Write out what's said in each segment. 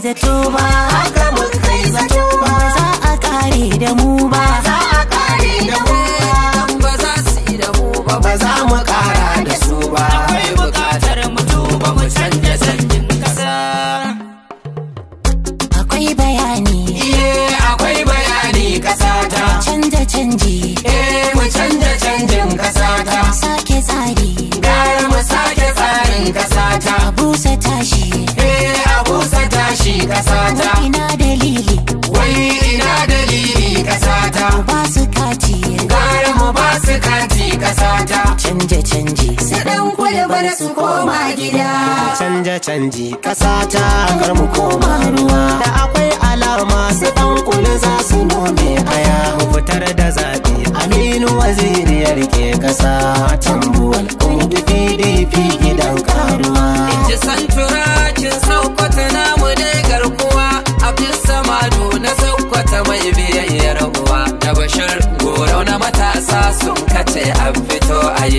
kai zato ba za a kare da mu ba za a kare da mu ba za su yi da mu ba ba za mu kara da su ba akwai bukatar mu duba mu canja sanyin kasa akwai bayani eh akwai bayani kasa ta canja canji eh mu canja canjin kasa ta sake tsari gara mu sake tsarin kasa ta busa tashi eh ka kusa tashi kasata wai ina dalili wai ina dalili kasata ba su kati gara mu ba su kati kasata canje canje su dan kwalbar su koma gida canje canje kasata kar mu koma ruwa da akwai alama su dan kula za su nome aya fitar da zabe aminu waziri ya rike kasa tambuwal kun pdp gidan karuwa in ji santura cin sauka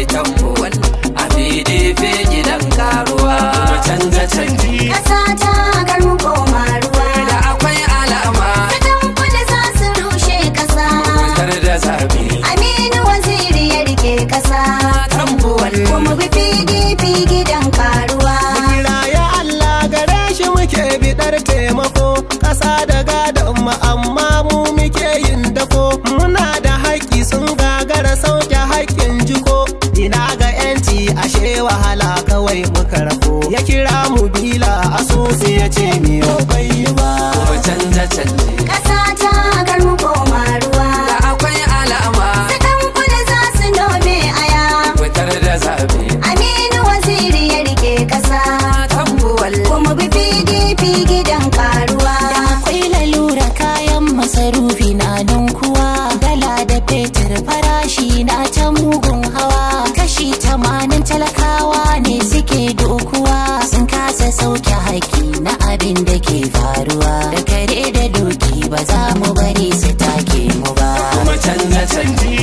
it down, boy. kawai muka rabo ya kira mu bila asusu ya ce miyo bai ba ko canja canje kasa ta garu koma ruwa da akwai alama sakan kuna za su nome aya wutar da zabe aminu waziri ya rike kasa tambuwal kuma bi fidi fi gidan karuwa da akwai lalura kayan masarufi na kuwa dala da fetur farashi na can mugu na abin da ke faruwa da kare da doki ba za mu bari su take mu ba kuma canza canji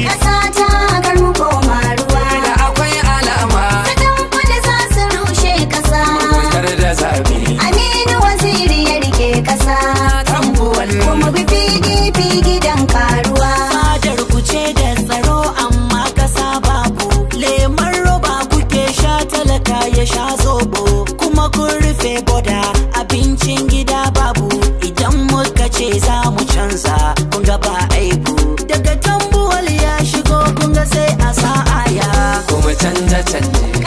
mu canza kun ga aiku daga tambuwal ya shigo kun ga sai a sa'a ya kuma canja canje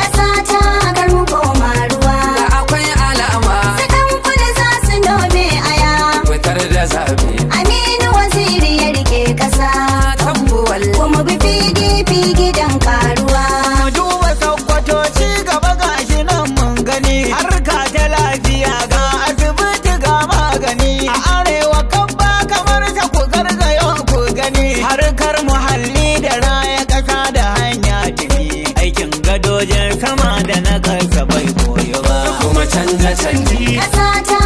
canji.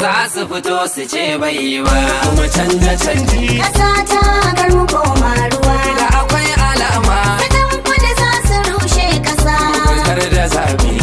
za su fito su ce bai yi ba kuma canja canji ƙasa ta garin koma ruwa da akwai alama fitan da za su rushe ƙasa kar da zabi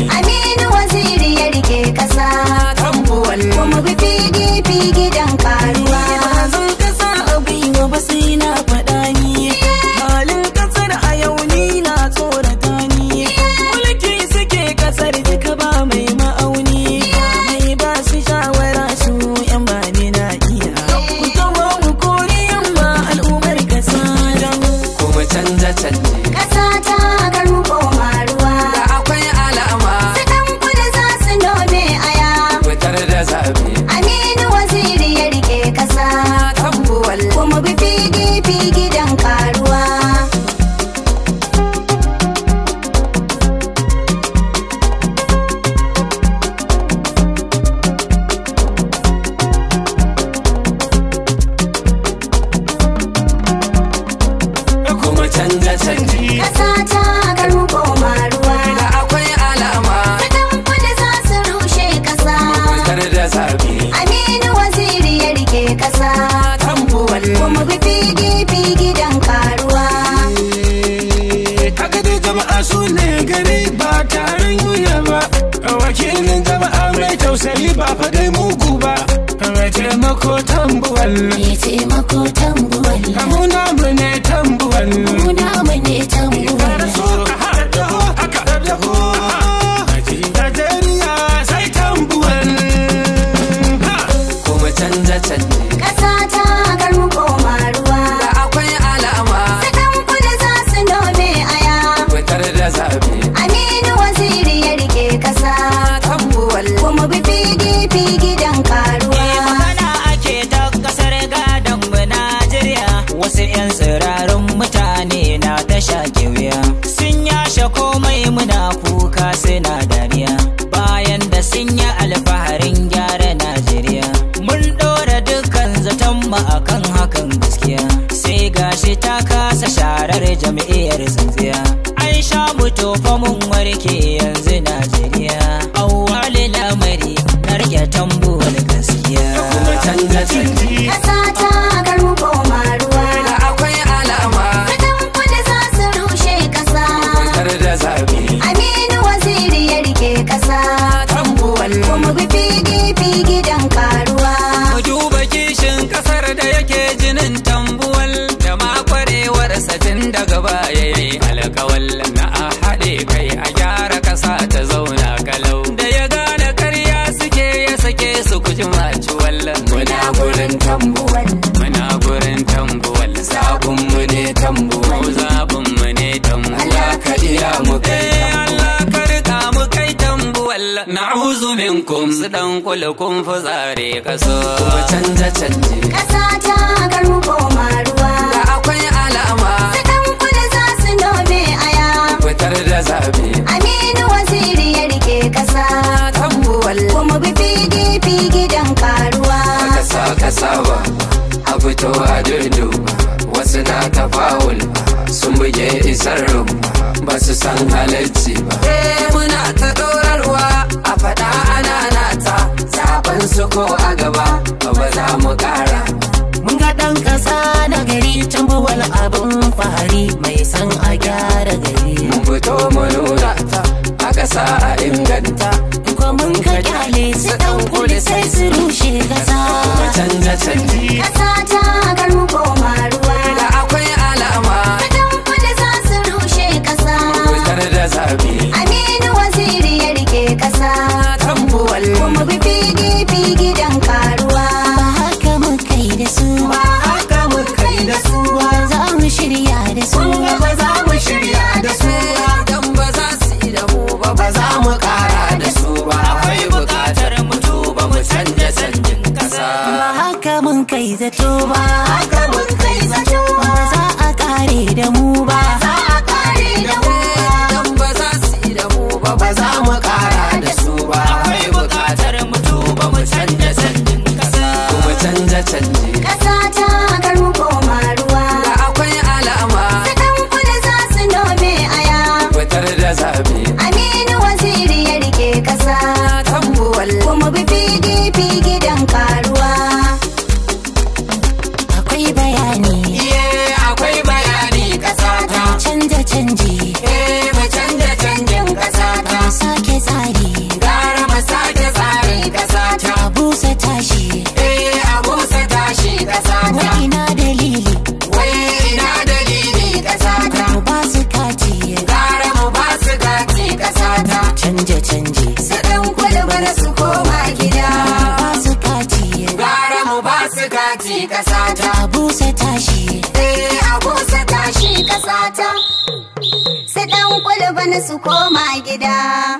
Kuma bi PDP gidan karuwa. Eh, haka dai jama'a su ne gari ba taron yuya ba. Wakilin jama'a mai tausayi ba faɗai mugu ba. Mai taimako tambuwal. Mai taimako tambuwal. jam'iyyar zanziya an sha mutu famun warke yanzu najeriya awwali lamari na rike gaskiya kuma canza canji ka iya mu kai eh, Allah ka rika mu kai tambuwal na'uzu minkum su dan kula kun fitsare kaso ku canje kasa ta garu koma ruwa da akwai alama su dan kula za su nome aya fitar da zabe aminu waziri ya rike kasa tambuwal kuma bi fi gidan karuwa kasa kasa ba a fito a dudu wasu na tafawul sun buge isar rubu ba su san halarci ba eh muna ta ɗorarwa a faɗa ana nata zaben su ko a gaba ba za mu ƙara mun ga ɗan ƙasa na gari can buwal abin fahari mai san a gyara gari mun fito mu nuna ta a ƙasa a inganta ko mun ka kyale su ɗan kuli sai su rushe ƙasa Kuma canza canji su koma gida.